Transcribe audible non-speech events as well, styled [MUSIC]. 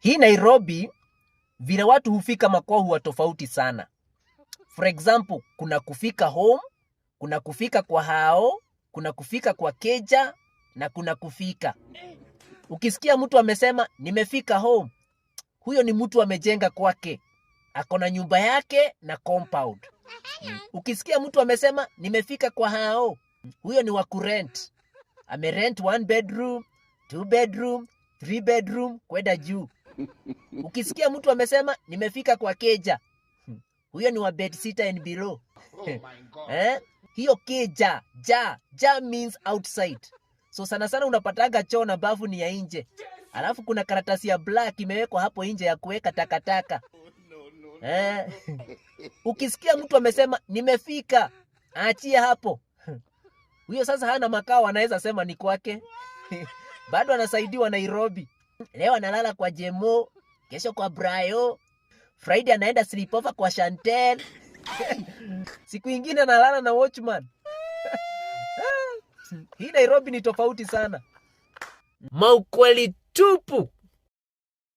Hii Nairobi vile watu hufika makwao huwa tofauti sana. For example, kuna kufika home, kuna kufika kwa hao, kuna kufika kwa keja na kuna kufika. Ukisikia mtu amesema nimefika home, huyo ni mtu amejenga kwake, ako na nyumba yake na compound. Ukisikia mtu amesema nimefika kwa hao, huyo ni wa kurent, amerent one bedroom, two bedroom, three bedroom kwenda juu. Ukisikia mtu amesema nimefika kwa Keja, hmm. huyo ni wa bed sita and below. Oh [LAUGHS] eh? Hiyo Keja ja ja means outside, so sana sana unapataga choo na bafu ni ya nje, alafu kuna karatasi ya black imewekwa hapo nje ya kuweka takataka oh, no, no, eh? Ukisikia mtu amesema nimefika, aachie hapo huyo sasa hana makao, anaweza sema ni kwake [LAUGHS] bado anasaidiwa Nairobi. Leo analala kwa Jemo, kesho kwa Brayo, Friday anaenda sleepover kwa Chantel, [LAUGHS] siku ingine analala na Watchman. [LAUGHS] Hii Nairobi ni tofauti sana, maukweli tupu.